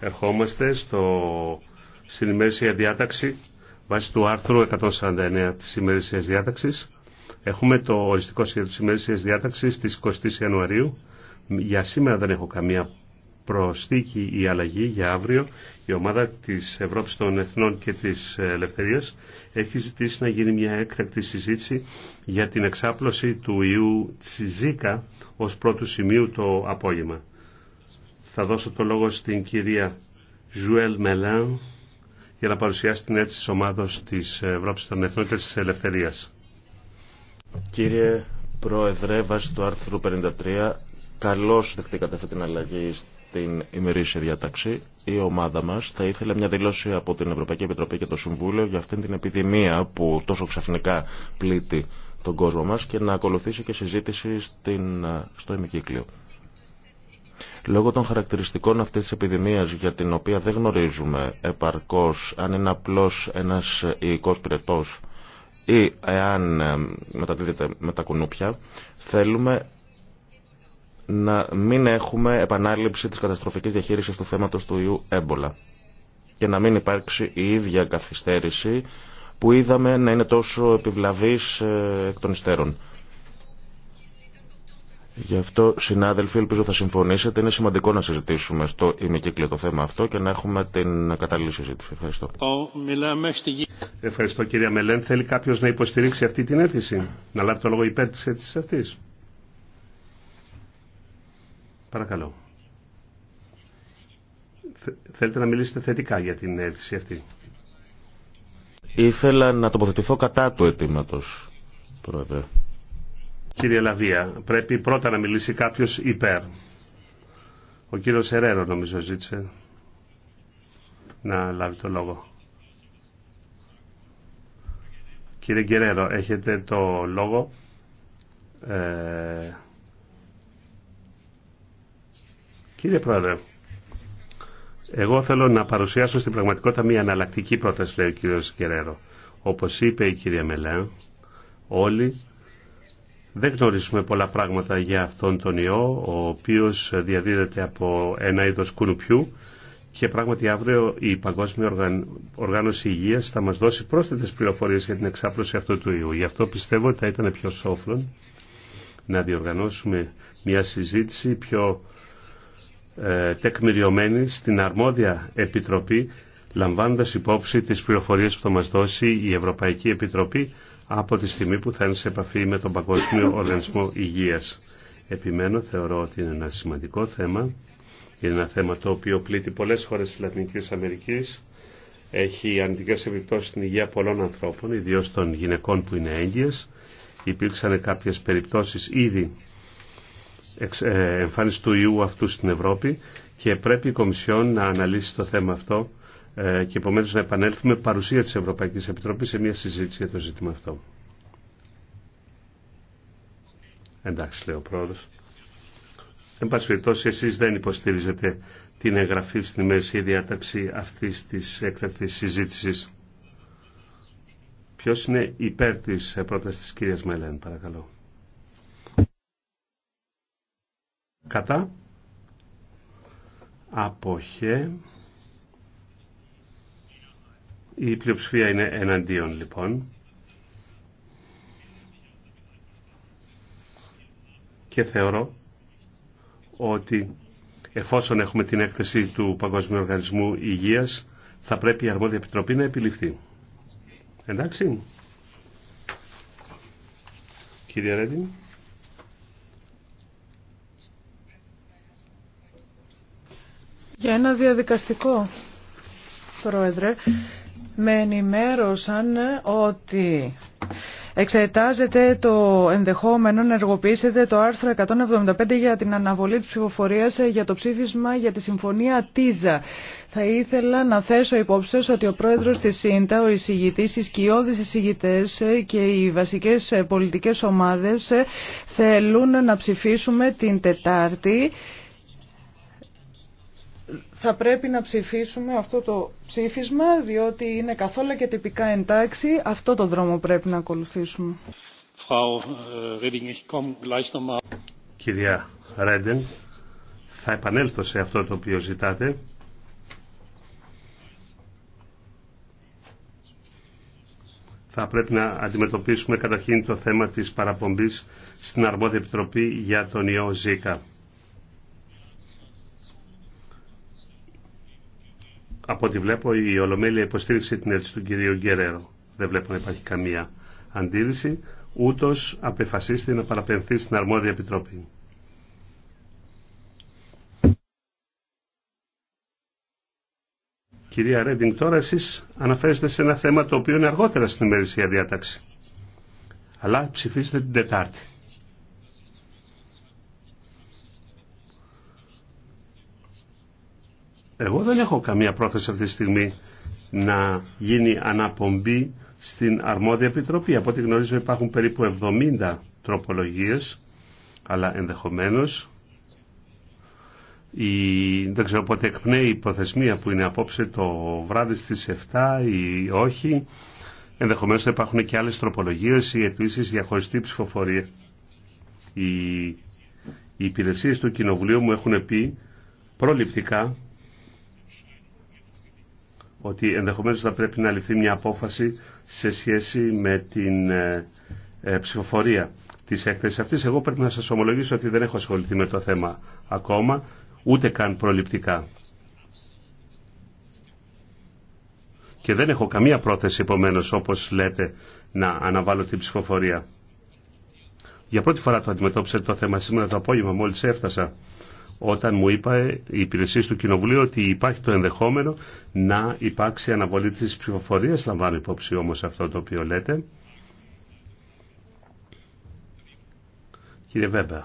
ερχόμαστε στο, στην διάταξη βάσει του άρθρου 149 της ημερήσιας διάταξης. Έχουμε το οριστικό σχέδιο της ημερήσιας διάταξης της 20 Ιανουαρίου. Για σήμερα δεν έχω καμία προσθήκη ή αλλαγή για αύριο. Η ομάδα της Ευρώπης των Εθνών και της Ελευθερίας έχει ζητήσει να γίνει μια έκτακτη συζήτηση για την εξάπλωση του ιού Τσιζίκα ως πρώτου σημείου το απόγευμα. Θα δώσω το λόγο στην κυρία Ζουέλ Μελάν για να παρουσιάσει την αίτηση της ομάδος της Ευρώπης των Εθνών και της Ελευθερίας. Κύριε Πρόεδρε, βάσει του άρθρου 53, καλώς δεχτήκατε αυτή την αλλαγή στην ημερήσια διάταξη. Η ομάδα μας θα ήθελε μια δηλώση από την Ευρωπαϊκή Επιτροπή και το Συμβούλιο για αυτήν την επιδημία που τόσο ξαφνικά πλήττει τον κόσμο μας και να ακολουθήσει και συζήτηση στην, στο ημικύκλιο. Λόγω των χαρακτηριστικών αυτής της επιδημίας για την οποία δεν γνωρίζουμε επαρκώς αν είναι απλώς ένας ιικός πυρετός ή εάν ε, μεταδίδεται με τα κουνούπια, θέλουμε να μην έχουμε επανάληψη της καταστροφικής διαχείρισης του θέματος του ιού έμπολα και να μην υπάρξει η ίδια καθυστέρηση που είδαμε να είναι τόσο επιβλαβής ε, εκ των υστέρων. Γι' αυτό, συνάδελφοι, ελπίζω θα συμφωνήσετε. Είναι σημαντικό να συζητήσουμε στο ημικύκλιο το θέμα αυτό και να έχουμε την κατάλληλη συζήτηση. Ευχαριστώ. Ευχαριστώ, κυρία Μελέν. Θέλει κάποιο να υποστηρίξει αυτή την αίτηση, να λάβει το λόγο υπέρ τη αίτηση αυτή. Παρακαλώ. Θέλετε να μιλήσετε θετικά για την αίτηση αυτή. Ήθελα να τοποθετηθώ κατά του αιτήματο, Πρόεδρε. Κύριε Λαβία, πρέπει πρώτα να μιλήσει κάποιος υπέρ. Ο κύριος Ερέρο νομίζω ζήτησε να λάβει το λόγο. Κύριε Γκερέρο, έχετε το λόγο. Ε, κύριε Πρόεδρε, εγώ θέλω να παρουσιάσω στην πραγματικότητα μια αναλλακτική πρόταση, λέει ο κύριος Γκερέρο. Όπως είπε η κυρία Μελέν, όλοι δεν γνωρίζουμε πολλά πράγματα για αυτόν τον ιό, ο οποίος διαδίδεται από ένα είδος κουνουπιού και πράγματι αύριο η Παγκόσμια Οργάνωση Υγείας θα μας δώσει πρόσθετες πληροφορίες για την εξάπλωση αυτού του ιού. Γι' αυτό πιστεύω ότι θα ήταν πιο σόφρον να διοργανώσουμε μια συζήτηση πιο ε, τεκμηριωμένη στην αρμόδια Επιτροπή λαμβάνοντας υπόψη τις πληροφορίες που θα μας δώσει η Ευρωπαϊκή Επιτροπή από τη στιγμή που θα είναι σε επαφή με τον Παγκόσμιο Οργανισμό Υγείας. Επιμένω, θεωρώ ότι είναι ένα σημαντικό θέμα. Είναι ένα θέμα το οποίο πλήττει πολλές χώρες της Λατινικής Αμερικής. Έχει αρνητικές επιπτώσεις στην υγεία πολλών ανθρώπων, ιδίως των γυναικών που είναι έγκυες. Υπήρξαν κάποιες περιπτώσεις ήδη ε, εμφάνιση του ιού αυτού στην Ευρώπη και πρέπει η Κομισιόν να αναλύσει το θέμα αυτό ε, και επομένως να επανέλθουμε παρουσία της Ευρωπαϊκής Επιτροπής σε μια συζήτηση για το ζήτημα αυτό. Εντάξει, λέει ο πρόεδρος. Εν πάση περιπτώσει, εσείς δεν υποστηρίζετε την εγγραφή στην η διάταξη αυτής της έκτακτης συζήτησης. Ποιος είναι υπέρ της πρότασης της κυρίας Μελέν, παρακαλώ. Κατά. Αποχέ. Η πλειοψηφία είναι εναντίον λοιπόν. Και θεωρώ ότι εφόσον έχουμε την έκθεση του Παγκοσμίου Οργανισμού Υγείας θα πρέπει η αρμόδια επιτροπή να επιληφθεί. Εντάξει. Κύριε Ρέντιν. Για ένα διαδικαστικό, Πρόεδρε με ενημέρωσαν ότι εξετάζεται το ενδεχόμενο να εργοποιήσετε το άρθρο 175 για την αναβολή της ψηφοφορίας για το ψήφισμα για τη Συμφωνία ΤΙΖΑ. Θα ήθελα να θέσω υπόψη ότι ο πρόεδρος της ΣΥΝΤΑ, ο εισηγητής, οι σκιώδεις εισηγητές και οι βασικές πολιτικές ομάδες θέλουν να ψηφίσουμε την Τετάρτη θα πρέπει να ψηφίσουμε αυτό το ψήφισμα, διότι είναι καθόλου και τυπικά εντάξει. Αυτό το δρόμο πρέπει να ακολουθήσουμε. Ε, Κυρία Ρέντεν, θα επανέλθω σε αυτό το οποίο ζητάτε. Θα πρέπει να αντιμετωπίσουμε καταρχήν το θέμα της παραπομπής στην Αρμόδια Επιτροπή για τον ιό ΖΙΚΑ. Από ό,τι βλέπω η Ολομέλεια υποστήριξε την αίτηση του κυρίου Γκερέρο. Δεν βλέπω να υπάρχει καμία αντίρρηση. Ούτως απεφασίστη να παραπενθεί στην αρμόδια επιτροπή. Κυρία Ρέντινγκ, τώρα εσεί αναφέρεστε σε ένα θέμα το οποίο είναι αργότερα στην ημερησία διάταξη. Αλλά ψηφίστε την Τετάρτη. Εγώ δεν έχω καμία πρόθεση αυτή τη στιγμή να γίνει αναπομπή στην αρμόδια επιτροπή. Από ό,τι γνωρίζω υπάρχουν περίπου 70 τροπολογίες, αλλά ενδεχομένως η, δεν ξέρω πότε εκπνέει η υποθεσμία που είναι απόψε το βράδυ στις 7 ή όχι. Ενδεχομένως θα υπάρχουν και άλλες τροπολογίες ή για διαχωριστή ψηφοφορία. Οι, οι υπηρεσίε του Κοινοβουλίου μου έχουν πει προληπτικά ότι ενδεχομένως θα πρέπει να ληφθεί μια απόφαση σε σχέση με την ε, ε, ψηφοφορία της έκθεσης αυτής. Εγώ πρέπει να σας ομολογήσω ότι δεν έχω ασχοληθεί με το θέμα ακόμα, ούτε καν προληπτικά. Και δεν έχω καμία πρόθεση, επομένω, όπως λέτε, να αναβάλω την ψηφοφορία. Για πρώτη φορά το αντιμετώπισα το θέμα σήμερα το απόγευμα, μόλις έφτασα όταν μου είπα η υπηρεσία του Κοινοβουλίου ότι υπάρχει το ενδεχόμενο να υπάρξει αναβολή της ψηφοφορίας. Λαμβάνω υπόψη όμως αυτό το οποίο λέτε. Κύριε Βέμπερ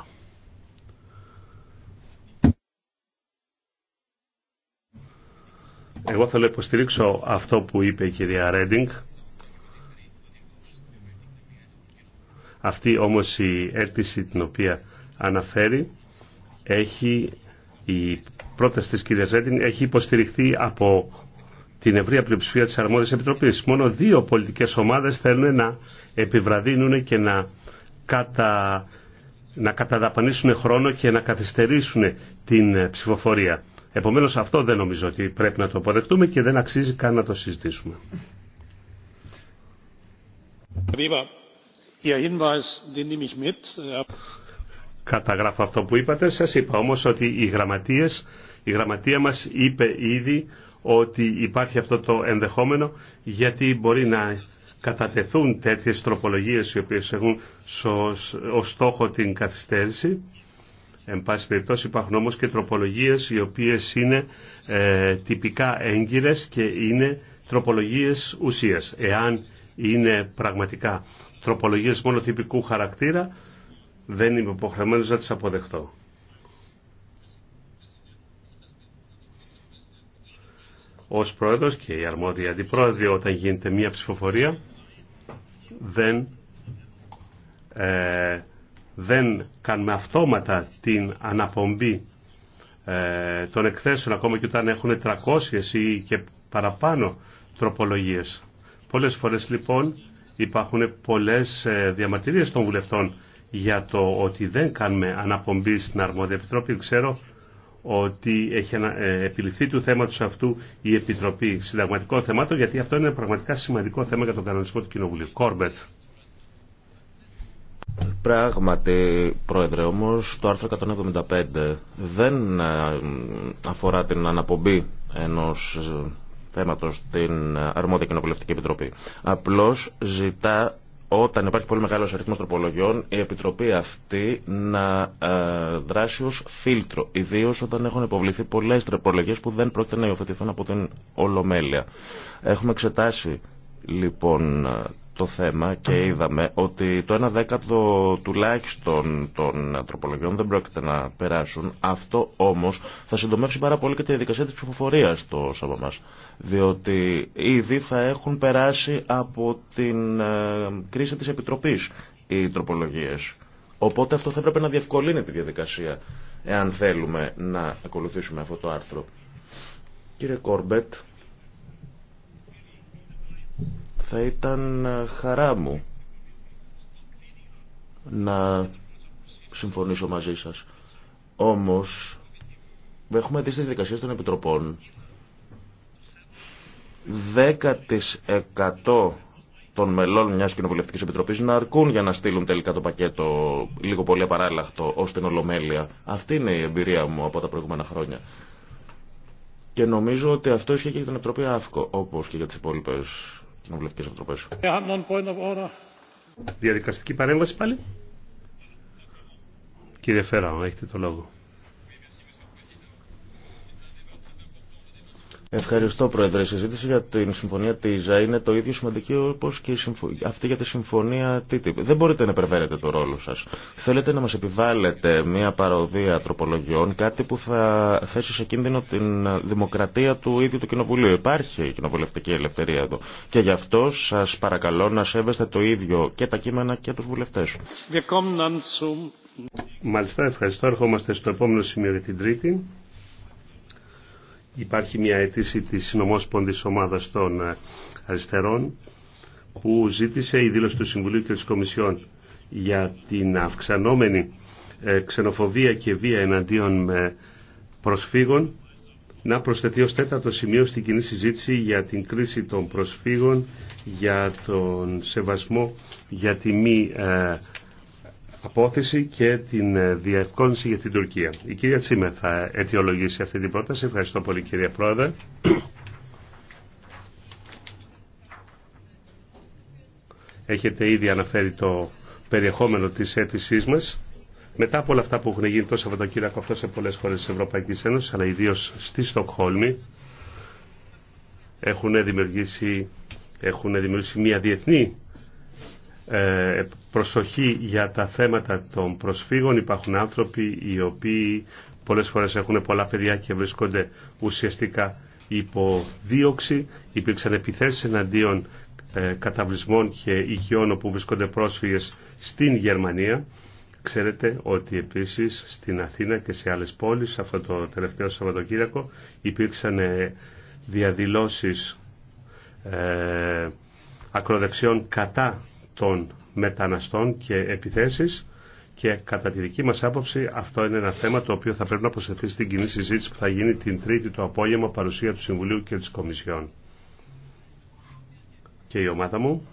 Εγώ θέλω να υποστηρίξω αυτό που είπε η κυρία Ρέντινγκ. Αυτή όμως η αίτηση την οποία αναφέρει έχει η πρόταση της κυρίας Ρέντινγκ έχει υποστηριχθεί από την ευρεία πλειοψηφία της αρμόδιας επιτροπής. Μόνο δύο πολιτικές ομάδες θέλουν να επιβραδύνουν και να, κατα... να καταδαπανίσουν χρόνο και να καθυστερήσουν την ψηφοφορία. Επομένως αυτό δεν νομίζω ότι πρέπει να το αποδεχτούμε και δεν αξίζει καν να το συζητήσουμε καταγράφω αυτό που είπατε. σα είπα όμως ότι οι γραμματείε, η γραμματεία μας είπε ήδη ότι υπάρχει αυτό το ενδεχόμενο γιατί μπορεί να κατατεθούν τέτοιες τροπολογίες οι οποίες έχουν ως στόχο την καθυστέρηση. Εν πάση περιπτώσει υπάρχουν όμως και τροπολογίες οι οποίες είναι ε, τυπικά έγκυρες και είναι τροπολογίες ουσίας. Εάν είναι πραγματικά τροπολογίες μόνο τυπικού χαρακτήρα δεν είμαι υποχρεωμένος να τις αποδεχτώ. Ως πρόεδρος και η αρμόδια αντιπρόεδροι όταν γίνεται μία ψηφοφορία δεν, ε, δεν κάνουμε αυτόματα την αναπομπή ε, των εκθέσεων ακόμα και όταν έχουν 300 ή και παραπάνω τροπολογίες. Πολλές φορές λοιπόν Υπάρχουν πολλές ε, διαμαρτυρίες των βουλευτών για το ότι δεν κάνουμε αναπομπή στην αρμόδια επιτροπή. Ξέρω ότι έχει ε, επιληφθεί του θέματος αυτού η Επιτροπή Συνταγματικών Θεμάτων, γιατί αυτό είναι πραγματικά σημαντικό θέμα για τον κανονισμό του Κοινοβουλίου. Κόρμπετ. Πράγματι, Πρόεδρε, όμως το άρθρο 175 δεν ε, αφορά την αναπομπή ενός θέματος στην αρμόδια κοινοβουλευτική επιτροπή. Απλώς ζητά όταν υπάρχει πολύ μεγάλος αριθμός τροπολογιών, η Επιτροπή αυτή να ε, δράσει ως φίλτρο, ιδίως όταν έχουν υποβληθεί πολλές τροπολογίες που δεν πρόκειται να υιοθετηθούν από την Ολομέλεια. Έχουμε εξετάσει λοιπόν το θέμα και είδαμε ότι το 1 δέκατο τουλάχιστον των τροπολογιών δεν πρόκειται να περάσουν. Αυτό όμως θα συντομεύσει πάρα πολύ και τη διαδικασία της ψηφοφορίας στο σώμα μας. Διότι ήδη θα έχουν περάσει από την ε, κρίση της Επιτροπής οι τροπολογίες. Οπότε αυτό θα έπρεπε να διευκολύνει τη διαδικασία εάν θέλουμε να ακολουθήσουμε αυτό το άρθρο. Κύριε Κόρμπετ, θα ήταν ε, χαρά μου να συμφωνήσω μαζί σας. Όμως, έχουμε δει στις δικασίες των Επιτροπών 10% των μελών μιας κοινοβουλευτικής επιτροπής να αρκούν για να στείλουν τελικά το πακέτο λίγο πολύ απαράλλαχτο ως την Ολομέλεια. Αυτή είναι η εμπειρία μου από τα προηγούμενα χρόνια. Και νομίζω ότι αυτό ισχύει και για την Επιτροπή ΑΦΚΟ, όπως και για τις υπόλοιπες Διαδικαστική παρέμβαση πάλι. Κύριε Φέρα, έχετε το λόγο. Ευχαριστώ, Πρόεδρε. Η συζήτηση για την συμφωνία ΤΙΖΑ είναι το ίδιο σημαντική όπω και αυτή για τη συμφωνία TTIP. Δεν μπορείτε να υπερβαίνετε το ρόλο σα. Θέλετε να μα επιβάλλετε μια παροδία τροπολογιών, κάτι που θα θέσει σε κίνδυνο την δημοκρατία του ίδιου του Κοινοβουλίου. Υπάρχει η κοινοβουλευτική ελευθερία εδώ. Και γι' αυτό σα παρακαλώ να σέβεστε το ίδιο και τα κείμενα και του βουλευτέ. Μάλιστα, ευχαριστώ. Ερχόμαστε στο επόμενο σημείο την Τρίτη υπάρχει μια αίτηση της συνομόσπονδης ομάδας των ε, αριστερών που ζήτησε η δήλωση του Συμβουλίου και της Κομισιόν για την αυξανόμενη ε, ξενοφοβία και βία εναντίον ε, προσφύγων να προσθεθεί ως τέταρτο σημείο στην κοινή συζήτηση για την κρίση των προσφύγων, για τον σεβασμό, για τη μη απόθεση και την ε, διευκόνιση για την Τουρκία. Η κυρία Τσίμερ θα αιτιολογήσει αυτή την πρόταση. Ευχαριστώ πολύ κυρία Πρόεδρε. Έχετε ήδη αναφέρει το περιεχόμενο της αίτησή μας. Μετά από όλα αυτά που έχουν γίνει το κύριο αυτό σε πολλές χώρες της Ευρωπαϊκής Ένωσης, αλλά ιδίως στη Στοκχόλμη, έχουν δημιουργήσει, έχουν δημιουργήσει μια διεθνή ε, προσοχή για τα θέματα των προσφύγων. Υπάρχουν άνθρωποι οι οποίοι πολλές φορές έχουν πολλά παιδιά και βρίσκονται ουσιαστικά υπό δίωξη. Υπήρξαν επιθέσεις εναντίον ε, καταβλισμών και οικειών όπου βρίσκονται πρόσφυγες στην Γερμανία. Ξέρετε ότι επίσης στην Αθήνα και σε άλλες πόλεις αυτό το τελευταίο Σαββατοκύριακο υπήρξαν ε, διαδηλώσεις ε, ακροδεξιών κατά των μεταναστών και επιθέσεις και κατά τη δική μας άποψη αυτό είναι ένα θέμα το οποίο θα πρέπει να προσθεθεί στην κοινή συζήτηση που θα γίνει την Τρίτη το απόγευμα παρουσία του Συμβουλίου και της Κομισιόν. Και η ομάδα μου,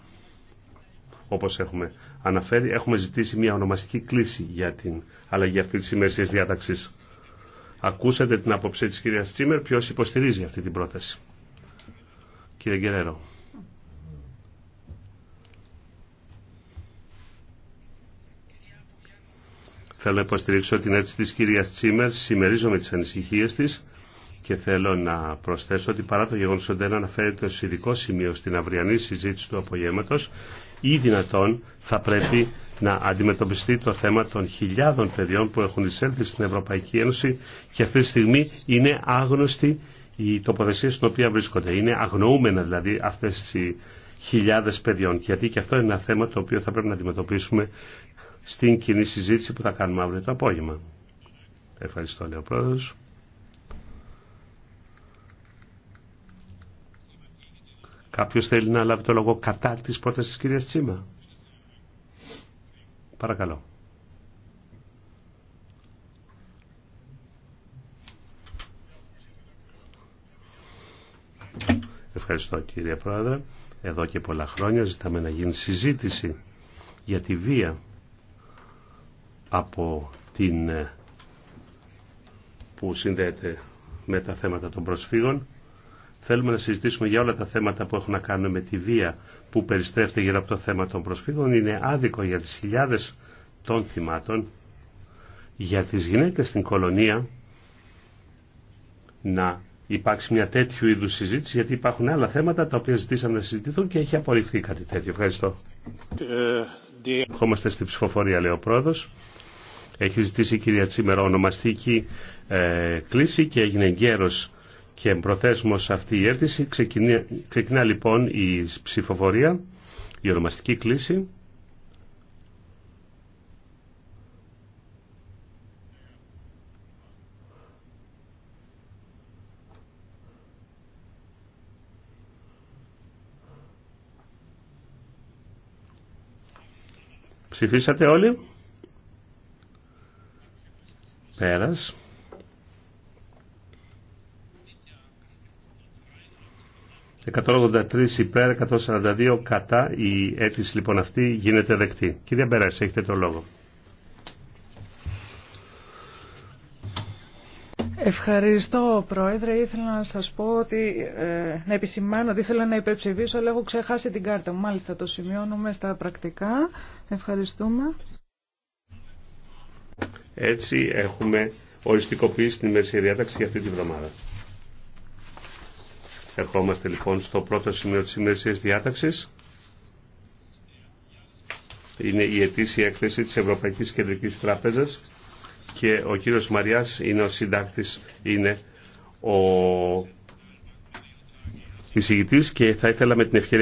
όπως έχουμε αναφέρει, έχουμε ζητήσει μια ονομαστική κλίση για την αλλαγή αυτή της ημερησίας διάταξης. Ακούσατε την άποψή της κυρίας Τσίμερ, ποιος υποστηρίζει αυτή την πρόταση. Κύριε Γκερέρο. Θέλω να υποστηρίξω την αίτηση της κυρίας Τσίμερ, συμμερίζομαι τις ανησυχίες της και θέλω να προσθέσω ότι παρά το γεγονός ότι δεν αναφέρεται ως ειδικό σημείο στην αυριανή συζήτηση του απογεύματος ή δυνατόν θα πρέπει να αντιμετωπιστεί το θέμα των χιλιάδων παιδιών που έχουν εισέλθει στην Ευρωπαϊκή Ένωση και αυτή τη στιγμή είναι άγνωστη η τοποθεσία στην οποία βρίσκονται. Είναι αγνοούμενα δηλαδή αυτές οι χιλιάδες παιδιών. Γιατί και αυτό είναι ένα θέμα το οποίο θα πρέπει να αντιμετωπίσουμε στην κοινή συζήτηση που θα κάνουμε αύριο το απόγευμα. Ευχαριστώ, λέει ο Πρόεδρος. Κάποιος θέλει να λάβει το λόγο κατά της πρότασης της κυρίας Τσίμα. Παρακαλώ. Ευχαριστώ κύριε Πρόεδρε. Εδώ και πολλά χρόνια ζητάμε να γίνει συζήτηση για τη βία από την ε, που συνδέεται με τα θέματα των προσφύγων. Θέλουμε να συζητήσουμε για όλα τα θέματα που έχουν να κάνουν με τη βία που περιστρέφεται γύρω από το θέμα των προσφύγων. Είναι άδικο για τις χιλιάδες των θυμάτων, για τις γυναίκες στην κολονία να υπάρξει μια τέτοιου είδου συζήτηση, γιατί υπάρχουν άλλα θέματα τα οποία ζητήσαμε να συζητηθούν και έχει απορριφθεί κάτι τέτοιο. Ευχαριστώ. Ε, Ερχόμαστε στην ψηφοφορία, λέει ο πρόεδρος. Έχει ζητήσει η κυρία Τσίμερα ονομαστική ε, κλίση και έγινε γέρος και προθέσμος αυτή η αίτηση. Ξεκινά, ξεκινά λοιπόν η ψηφοφορία, η ονομαστική κλίση. Ψηφίσατε όλοι. Πέρας. ...183 υπέρ, 142 κατά. Η αίτηση λοιπόν αυτή γίνεται δεκτή. Κυρία Μπέρας, έχετε το λόγο. Ευχαριστώ Πρόεδρε. Ήθελα να σας πω ότι ε, να επισημάνω ότι ήθελα να υπερψηφίσω αλλά έχω ξεχάσει την κάρτα μου. Μάλιστα το σημειώνουμε στα πρακτικά. Ευχαριστούμε. Έτσι έχουμε οριστικοποιήσει την ημερησία διάταξη για αυτή τη βδομάδα. Ερχόμαστε λοιπόν στο πρώτο σημείο της ημερησίας διάταξης. Είναι η ετήσια έκθεση της Ευρωπαϊκής Κεντρικής Τράπεζας και ο κύριος Μαριάς είναι ο συντάκτης, είναι ο εισηγητής και θα ήθελα με την ευκαιρία